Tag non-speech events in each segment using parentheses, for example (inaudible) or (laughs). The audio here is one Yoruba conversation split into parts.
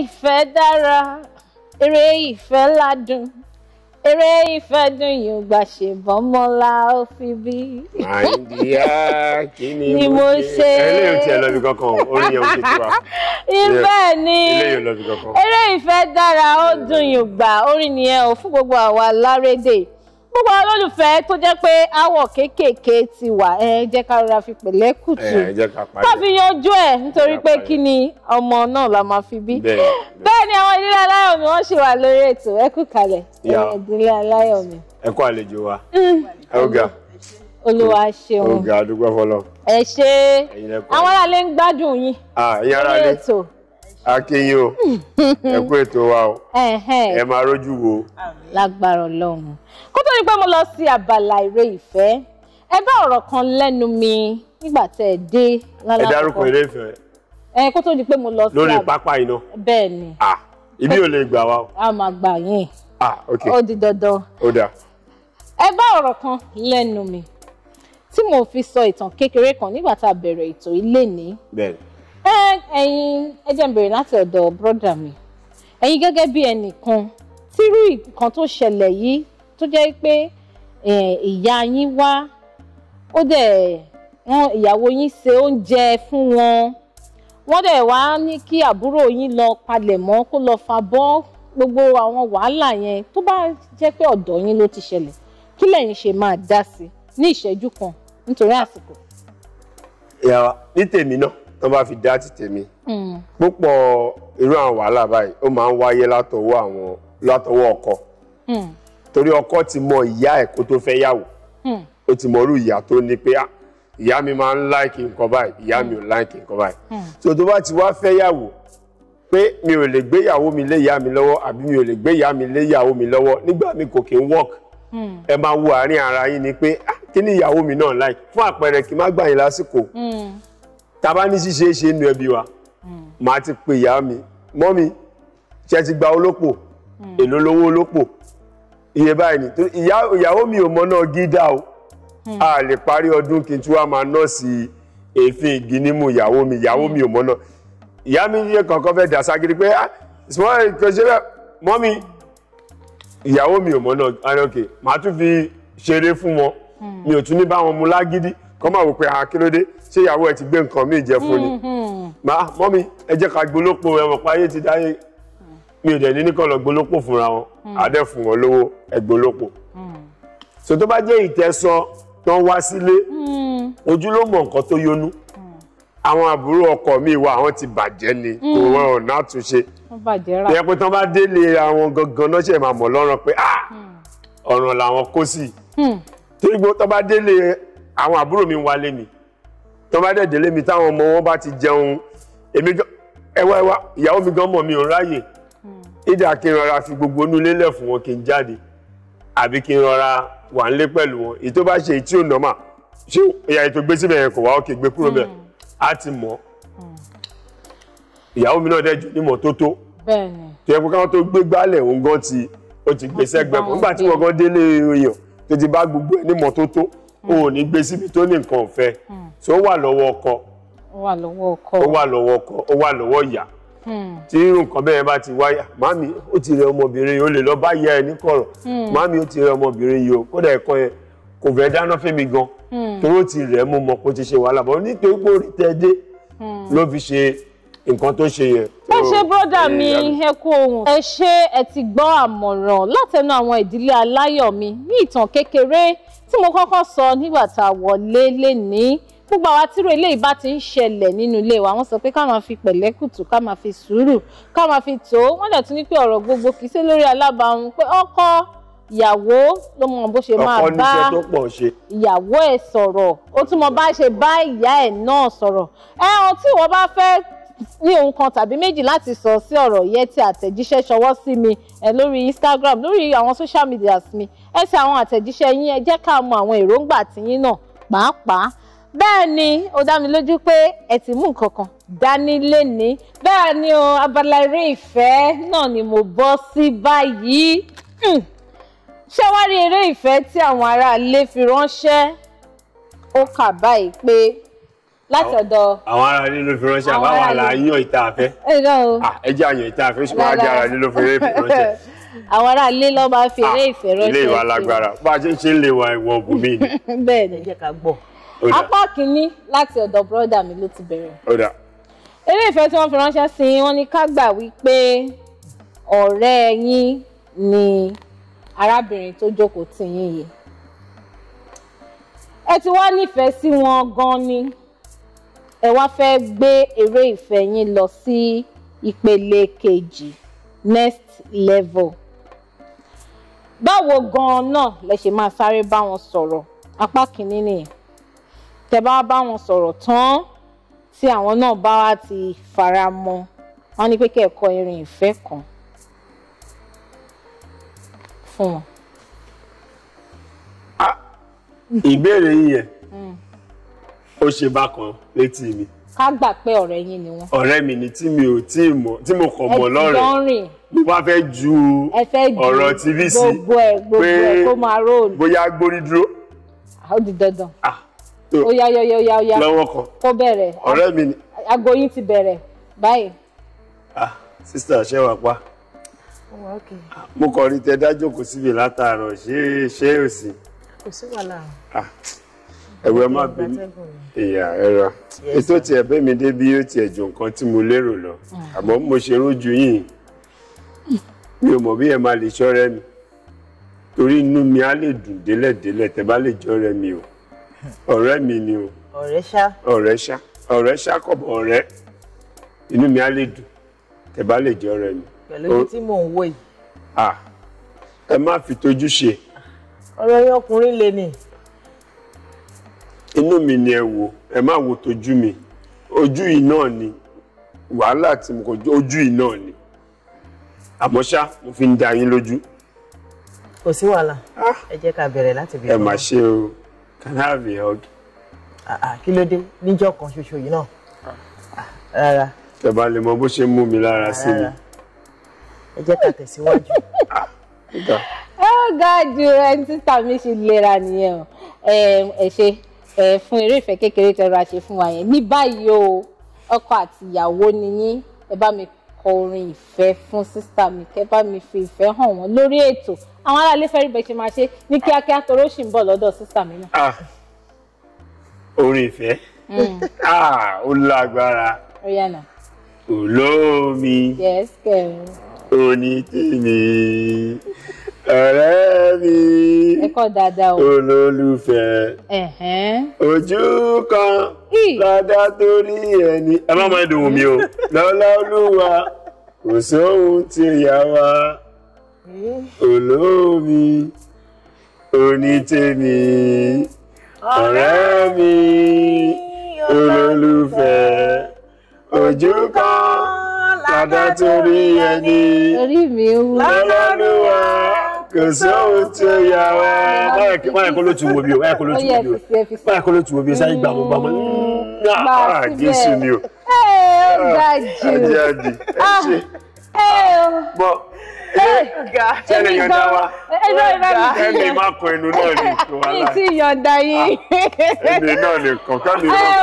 ìfẹ́ dára eré ìfẹ́ ládùn eré ìfẹ́ dùn yóò gbà ṣe bọ́mọ́lá ó fi bí. àìdíyá kí ni mo ṣe ẹlẹ́yìn ò tiẹ̀ lọ bí kankan orí yẹn ò ṣe tiwa. ìfẹ́ ni eré ìfẹ́ dára ó dùn yóò gbà orí nìyẹn ò fún gbogbo àwa lárédè gbogbo àwọn olólùfẹ́ tó jẹ́ pé àwọ̀ kéékèèké ti wà ẹ jẹ́ ká rọra fi pẹ̀lẹ́ kùtù ká fi yanjú ẹ̀ nítorí pé kí ni ọmọ náà la máa fi bí. bẹ́ẹ̀ ni àwọn ìdílé aláyọ̀ mi wọ́n ṣì wà lórí ètò ẹ kú kalẹ̀ ìdílé aláyọ̀ mi. ẹ kú àlejò wa ọgá mm. olúwa ṣeun ọgá àdúgbò fọlọ. ẹ ṣe àwọn aráàlú ń gbádùn yín ah, lórí ètò akínyìn o ẹ kú ètò wa o ẹ máa rójú wo. lágbára Ọlọ́run kó tó ní pé mo lọ sí abala eré ìfẹ́ ẹ bá ọ̀rọ̀ kan lẹ́nu mi nígbà tẹ́ ẹ dé lálàkọ ẹ dárúkọ eré ìfẹ́. ẹ kó tó di pé mo lọ sí lórí pápá iná. bẹ́ẹ̀ ni. ah ibi ò lè gbà wá o. a máa gbà yín. ah ok ó di dandan. ó dáa. ẹ bá ọ̀rọ̀ kan lẹ́nu mi tí mo fi sọ ìtàn kékeré kan nígbà tá a bẹ̀rẹ̀ ètò ilé ní. bẹ́ẹ̀ Eh, ẹ̀yin ẹ jẹ́ n bèrè láti ọ̀dọ̀ brọ́dà mi ẹ̀yin gẹ́gẹ́ bí ẹnìkan tírú nǹkan tó ṣẹlẹ̀ yìí tó jẹ́ pé eh, ìyá yín wá ó dẹ̀ wọn ìyàwó yín ṣe oúnjẹ fún wọn wọ́n dẹ̀ wá ní kí àbúrò yín lọ palẹ̀mọ́ kó lọ fa bọ́ gbogbo àwọn wàhálà yẹn tó bá jẹ́ pé ọ̀dọ̀ yín ló ti ṣẹlẹ̀ kí lẹ̀yin ṣe máa dá sí ní ìṣẹ́jú kan nítorí àsìkò. ìyàwó ní tèmi náà tó bá fi dá ti tèmi hmm. púpọ̀ irú àwọn wàhálà báyìí ó máa ń wáyé látọwọ́ àwọn látọwọ́ ọkọ hmm. torí ọkọ ti mọ ìyá ẹ̀ kó tó fẹ́ yàwó hmm. ó ti mọ irú ìyá tó ní pé ah, ìyá mi máa ń láìkì nǹkan báyìí ìyá mi ò láìkì nǹkan báyìí so tó bá ti wá fẹ́ yàwó pé mi ò lè gbé ìyàwó mi lé ìyá mi lọ́wọ́ àbí mi ò lè gbé ìyá mi lé ìyàwó mi lọ́wọ́ nígbà mi kò kí ń work ẹ máa wo àárín ara yín ni pé ah, kí ni ìyàwó mi náà láì fún àpẹẹrẹ kí n má gbà yín lásìkò tàbá ní ṣíṣe é ṣe nínú ẹbí wa màá ti pe ìyá mi mọ́ mi ṣe ti gba olópò hmm. èlò lówó olópò iye báyìí ni ìyàwó mi ò mọ náà gídà o hmm. a lè parí ọdún kí n tí wàá máa nọ́ọ̀sì èéfín igi nímú ìyàwó mi ìyàwó mi ò mọ náà ìyá mi yẹ kankan fẹ́ dà ságiri pé ah, mọ́ mi ìyàwó mi ò mọ náà ok màá tún fi ṣeré fún wọn hmm. mi ò tún ní bá wọn mu lágídí kọ́ máa wò pé àkílódé ah, ṣé ìyàwó ẹ ti gbé nǹkan míì jẹ fún ni máa hmm, hmm. mọ́mi ẹ jẹ́ ká gbólópò ẹ̀wọ̀n páyé ti dáyé mi ò dẹ̀ ní nìkan lọ gbólópò fúnra wọn hmm. adẹ́ fún wọn lówó ẹ gbólópò so tó bá jẹ́ ìtẹ́sọ tó ń wá sílé ojú ló mọ̀ nǹkan tó yónú àwọn àbúrò ọkọ mi wà àwọn ti bàjẹ́ ni kò wọn ò náà ìyẹn pé tán bá délé àwọn gangan náà ṣe máa mọ̀ lọ́rùn pé ah, ọ̀ràn làwọn kó sí torí bá délé àwọn àbúrò mi wálé mi tó bá dẹ̀ délé mi táwọn ọmọ wọn bá ti jẹun èmi ẹwà ẹwà ìyàwó mi gan mọ̀ mi ò ráyè hmm. ìdá kí n rọra fi gbogbo inú lélẹ̀ fún wọn kí n jáde àbí kí n rọra wà ń lé pẹ̀lú wọn èyí tó bá ṣe tí ò nọ́mà ṣé ìyá ètò gbé síbẹ̀ yẹn kò wá òkè gbé kúrò bẹ́ẹ̀ á hmm. ti mọ̀ hmm. ìyàwó mi náà dẹ̀ jù nímọ̀ tó yẹ kó káwọn tó gbé gbálẹ̀ òun gan ti ó ti gbé sẹ́gbẹ̀ẹ́ nígbà tí wọ́n gan délé èèyàn tó ti bá gbogbo ẹ̀ nímọ̀ tó o ò ní gbé síbi tó ní nǹkan ọ̀fẹ́ tí hmm. ó wà lọ́wọ́ ọkọ ó wà lọ́wọ́ ọkọ ó wà lọ́wọ́ ọkọ ó wà lọ́wọ́ ìyá hmm. tí nǹkan bẹ́ẹ̀ bá ti wáyà mami ó ti rẹ ọmọbìnrin yìí ó lè lọ bá yẹ ẹ ní kọ̀rọ̀ mami hmm. ó ti rẹ ọmọbìnrin yìí ó kódà ẹ̀kọ́ yẹn kò fẹ́ dáná fẹ́mi gan toró ti rẹ̀ mú mọ kó ti ṣe wàhálà bọ́ nítorí pé orí tẹ́ dé ló fi ṣe nǹkan tó ṣe yẹn. ẹ ṣe bọ́dà eh, mi ẹ kú ohun ẹ ṣe ẹ ti gbọ́ àmọ̀ràn látẹnu àwọn ìdílé aláyọ̀ mi ní ìtàn kékeré tí mo kọ́kọ́ sọ nígbà tá a wọlé léni gbogbo àwa tírò eléyìí bá ti ń ṣẹlẹ̀ nínú ilé wa wọ́n sọ pé ká máa fi pẹ̀lẹ́kùtù ká máa fi sùúrù ká máa fi tó wọ́n dẹ̀ tún ní pé ọ̀rọ̀ gbogbo kì í ṣe lórí alábàáhùn pé ọkọ ìyàwó ló mọ bó ṣe máa bá ìyàwó ẹ̀ sọ̀rọ̀ ó tún mọ bá ṣe bá ìyá ẹ̀ náà sọ̀rọ̀ ẹ tí wọ́n bá fẹ́ ní ohun kan tàbí méjì láti sọ sí ọ̀rọ̀ yẹn tí àtẹ̀jíṣẹ́ ṣọwọ́ sí mi ẹ lórí Instagram lórí àwọn social media mi ẹ ṣe àwọn àtẹ̀jíṣẹ́ yín ẹ jẹ́ ká mọ àwọn èròǹgbà tiyín náà pàápàá bẹ́ẹ̀ ni ó dá mi lójú pé ẹ ti mú nǹkan dání lénìí bẹ́ẹ̀ ni o abala eré ìfẹ́ náà ni mo bọ́ sí báyìí hmm. ṣé wá rí eré ìfẹ́ tí àwọn aráalé fi ránṣẹ́ ó kà báyìí pé láti ọ̀dọ̀. àwọn aráalé ló fi ránṣẹ́ àbáwọn àlàyé yan ìta àfẹ́ ah, ẹ jẹ́ àyàn ìta àfẹ́ ṣùgbọ́n àjẹ́ aráalé ló fi ránṣẹ́. (laughs) àwọn ará ilé ló máa fi eré ah, ìfẹ́ ránṣẹ́ ilé ìwà lágbára bá a ṣe ṣe ń lè wa ìwọ bùnmí ni. (laughs) bẹ́ẹ̀ ni jẹ́ ká gbọ́. apá kìíní láti ọ̀dọ̀ bọ́dà mi ló ti bẹ̀rẹ̀. eré ìfẹ́ tí wọ́n fi ránṣẹ́ sí wọn ni ká gbà wípé ọ̀rẹ́ yín ni arábìnrin tó jókòó tì yín yìí ẹ ti wá nífẹ̀ẹ́ sí wọn gan ni ẹ wá fẹ́ gbé eré ìfẹ́ yín lọ sí ìpele kejì next level báwo gan-an náà lẹ ṣe máa sáré bá wọn sọ̀rọ̀ apá kìíní nìyẹn tẹ bá bá wọn sọ̀rọ̀ tán tí àwọn náà bá wá ti fara mọ́ wọn ní pé kẹ́ẹ̀kọ́ irin ìfẹ́ kan fún wọn. Ah, ìbéèrè yìí yẹn hmm. ó ṣe bákan létí mi. ká gbà pé ọ̀rẹ́ yín ni wọ́n. ọ̀rẹ́ mi ni tí mi ò tí mo kàn mọ̀ lọ́rẹ̀ẹ́. ẹ ti dán rìn mo bá fẹ́ ju ọ̀rọ̀ tv sí pé bóyá gbórí dúró. ó di dandan ah, ó yá yá yá yá lọ́wọ́ kan kó bẹ̀rẹ̀ ọ̀rẹ́ mi ni. ti bẹ̀rẹ̀ báyìí. ah sista ṣé wàá pa oh, ah, mo kàn rí tẹ dájú kò síbi látàárọ̀ ṣé ṣé ò sí. kò sí wàhálà. Ah, ẹ̀rọ ẹ má bí ìyá ẹ̀rọ ètò tiẹ̀ bẹ́ẹ̀ mi dé bí ó tiẹ̀ ju nǹkan tí mo lérò lọ mm. àmọ́ mo ṣe rójú yìí mi ò mọ̀ bí ẹ máa lè ṣọ́rẹ́ mi torí inú mi á lè dùn délẹ̀délẹ̀ tẹ́ bá lè jọ́rẹ́ mi o ọ̀rẹ́ mi ni o. ọ̀rẹ́ ṣá. ọ̀rẹ́ ṣá ọ̀rẹ́ ṣá kọ̀bọ̀ ọ̀rẹ́ inú mi á lè dùn tẹ́ bá lè jọ́rẹ́ mi. pẹ̀lú tí mò ń wò yìí. ah ẹ má fi tójú ṣe. ọ̀rọ̀ yín ọkùnrin le ni. inú mi ni ẹ wo ẹ má wo tójú mi ojú yìí náà ni wàhálà tí mo kọjú ojú yìí náà ni àmọ́ ṣá mo fi ń dá yín lójú. kò sí wàhálà ah. ẹ jẹ́ ká bẹ̀rẹ̀ láti bẹ̀rẹ̀. ẹ má ṣe o can I have a hug. kí ló dé níjọ́ kan ṣoṣo yìí náà ah. rárá. tẹ́ bá lè mọ bó ṣe mú mi lára sí mi. ẹ jẹ́ ká tẹ̀síwájú. Ah, ó ga ju ẹni títà mi ṣe lera nìyẹn o ẹ fún eré ìfẹ́ kékeré tẹ́ra ṣe fún wa yẹn ní báyìí o ọkọ àti ìyàwó ni yín ẹ bá mi kọ orin ìfẹ́ fún sísá mi kẹ́ mi fi ìfẹ́ hàn wọ́n lórí ètò àwọn aráalé fẹ́ẹ́ rí bẹ́ẹ̀ ṣe máa ṣe ní kíákíá toró ṣì ń bọ̀ lọ́dọ̀ sísá mi náà. Ah, orin ìfẹ́ hmm. (laughs) ah, ó lágbára olómi onítìmí ọ̀rẹ́ mi ẹ̀kọ́ dáadáa o olólùfẹ́ ojú kan ládá torí ẹni ẹ má máa dùn mí o lọ́lá (laughs) olúwa kò sóhun tí ìyá wa olómi onítèmi ọ̀rẹ́ mi olólùfẹ́ ojú kan ládá torí ẹni lọ́lọ́lùwà kò sóhun tí ó yà wá. ló ti wo o báyà ló ti wo o sáyé gbàmùgbàmù náà Jésù ni o àjò àjò àjò ẹ ṣe bọ ẹnì yọ̀ǹda wa ẹnì má kọ ẹnu náà ní wàhálà ní tí yọ̀ǹda yín ah, ẹnì náà lè kàn kánì náà.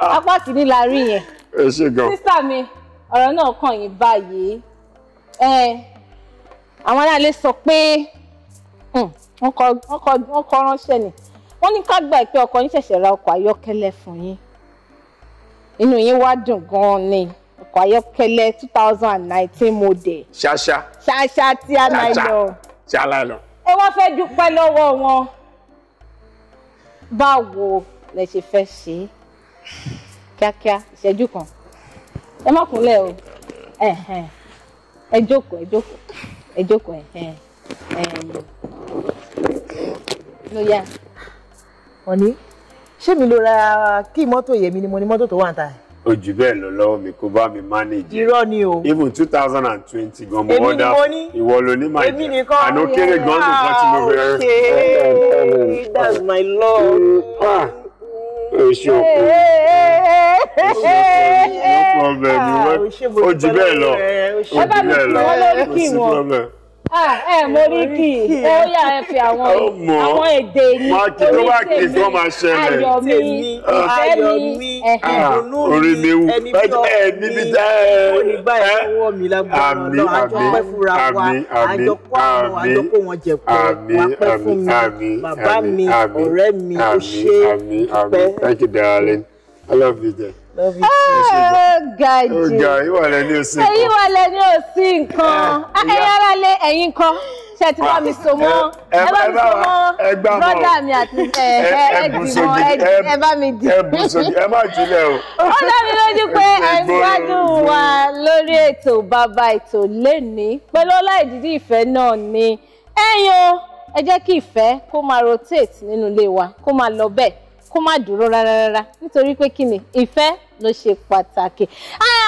Ah. apá kìíní la rí yẹn ẹ ṣe gan. sísá mi ọ̀rọ̀ náà kàn yín báyìí àwọn aráàlú sọ pé hmm, wọ́n kọ ránṣẹ́ ni wọ́n ní ká gbà pé ọkọ yín ṣẹ̀ṣẹ̀ ra ọkọ̀ ayọ́kẹ́lẹ́ fún yín inú yín wá dùn gan-an ni ọkọ̀ ayọ́kẹ́lẹ́ two thousand and nineteen model. ṣáṣá ṣáṣá tí a náà lọ. ṣáṣá lọ. ẹ wá fẹ́ dúpẹ́ lọ́wọ́ wọn báwo lẹ ṣe fẹ́ ṣe é kíákíá ìṣẹ́jú kan ẹ má kúnlẹ̀ o ẹ jókòó ẹ jókòó ẹ jókòó ẹ lóyà. ọ̀ní ṣé mi ló ra kí mọ́tò yẹmi ni mo ní mọ́tò tó wà ń ta ẹ̀ ojú bẹ́ẹ̀ lọ lọ́wọ́ mi kó bá mi manage. irọ́ ni o. even two thousand and twenty gan mo order ìwọ ló ní màá jẹ àná kéré gan ló kọ́ tí mo bẹ̀rẹ̀. Ah, that's my love. oṣù òkú oṣù òkú no problem ojú ah, bẹ́ẹ̀ lọ ojú bẹ́ẹ̀ lọ oṣù problem. Ah, ẹ Mọ́ríkì ó yà you? fi àwọn àwọn èdè ní oríṣi ayọ̀ mi ayọ̀ mi ah, orí mi wù ẹ níbi tá ẹ àmì àmì àmì àmì àmì àmì àmì àmì àmì àmì àmì thank you darling I love you dear love you too. Ah, ga jù ọgá ìwà lẹ ní òsì nǹkan ìwà lẹ ní òsì nǹkan ẹ̀yin eh, ah, ara lé ẹ̀yin kan ṣe ti bá mi ah, so mọ́ eh, eh, ẹ bá mi so mọ́ brọdà mi àti ẹgbìmọ ẹ bá mi dì. ẹ má jùlẹ o. ó dá mi lójú pé (laughs) ẹ ń gbádùn wa lórí ètò bàbá ètò lénìí pẹ̀lú ọláìdídí ìfẹ́ náà ni ẹ̀yin o ẹ jẹ́ kí ìfẹ́ kó máa rotate nínú ilé wa kó máa lọ bẹ́ẹ̀ kó má dúró rárá rárá nítorí pé kí ni ìfẹ́ ló ṣe pàtàkì.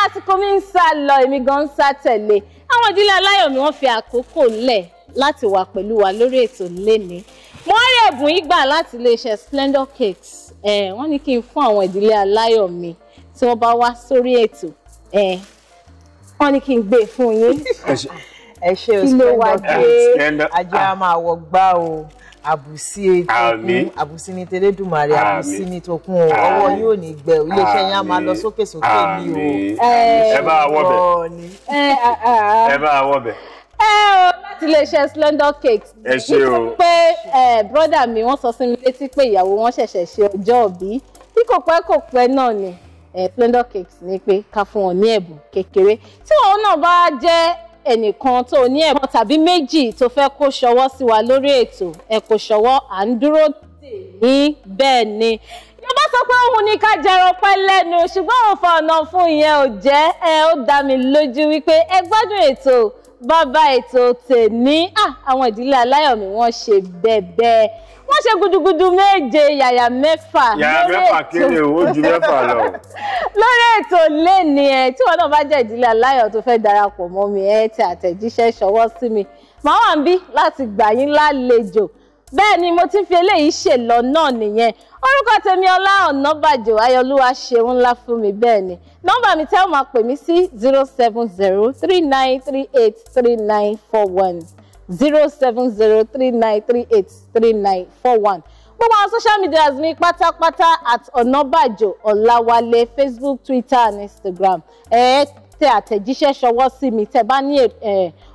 àsìkò mi ń sá lọ èmi gan ń sá tẹ̀lé àwọn ìdílé aláyọ̀ mi wọ́n fi àkókò lẹ̀ láti wà pẹ̀lú wa lórí ètò lẹ́ni. mo rí ẹ̀bùn ìgbà láti iléeṣẹ́ Splendor Cakes wọ́n ní kí n fún àwọn ìdílé aláyọ̀ mi tí wọ́n bá wá sórí ètò wọ́n ní kí n gbé e fún yín. ẹ ṣe o Splendor Cakes ajé a máa wọ gbá o àbùsí etokun àbùsí ní tẹlẹdùmarè àbùsí ní tokun o yóò ní gbẹ iléeṣẹ́ yẹn á máa lọ sókè sókè ní o. ẹ bá a wọbẹ ẹ bá a wọbẹ. ẹ o láti iléeṣẹ́ Splendor Cakes. ẹ ṣe o pé brọ́dà mi wọ́n sọ sí mi létí pé ìyàwó wọn ṣẹ̀ṣẹ̀ ṣe ọjọ́ òbí bí kò pẹ́ kò pẹ́ náà ni Splendor Cakes ní pé ká fún wọn ní ẹ̀bùn kékeré tí wọn náà bá jẹ́ ẹnìkan tó ní ẹ̀kan tàbí méjì tó fẹ́ kó ṣọwọ́ sí wa lórí ètò ẹ kò ṣọwọ́ à ń dúró tì ní bẹ́ẹ̀ ni yorùbá sọ pé òun ní ká jẹrọ pẹ́ lẹ́nu ṣùgbọ́n òun fa ọ̀nà fún ìyẹn ò jẹ́ ẹ ó dá mi lójú wípé ẹ gbádùn ètò bàbá ètò tèmi àwọn ìdílé aláyọ̀ mi ṣe bẹ́ẹ̀ bẹ́ẹ̀ wọ́n ṣe gudugudu méje yàyà mẹ́fà. yàyà mẹ́fà kéré owó ju mẹ́fà lọ. (laughs) lórí ètò lẹ́ni ẹ tí wọn náà bá jẹ́ ìdílé aláyọ̀ tó fẹ́ darapọ̀ mọ́ mi ẹ tẹ àtẹ̀jíṣẹ́ ṣọwọ́ sí mi màá wà ń bí láti gbà yín lálejò bẹ́ẹ̀ ni mo ti fi eléyìí ṣe lọ náà nìyẹn orúkọ tèmi Ọlá Ọ̀nàbàjò Ayọ̀lúwa ṣeun ńlá fún mi bẹ́ẹ̀ ni nọ́mbà mi tẹ́ máa pè mí sí zero seven zero three nine three eight three nine four one zero seven zero three nine three eight three nine four one gbogbo àwọn social medias mi pátápátá at ọ̀nàbàjò Olawale, facebook twitter and instagram ẹ tẹ àtẹ̀jíṣẹ́ ṣọwọ́ sí mi tẹ bá ní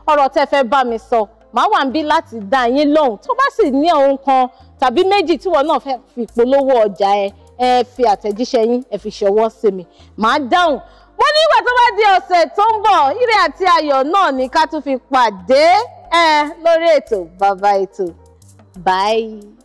ọ̀rọ̀ tẹ fẹ́ bá mi sọ màá wà ń bí láti dá yín lóhùn tó bá sì ní ohun kan tàbí méjì tí náà fẹ́ fi polówó ọjà ẹ ẹ fi àtẹ̀jíṣẹ́ yín ẹ fi ṣọwọ́ sí mi màá dáhùn mo ní ìgbà tó bá di ọ̀sẹ̀ tó ń bọ̀ ire àti ayọ̀ náà ni ká tún fi pàdé ẹ eh, lórí ètò bàbá ètò báyìí.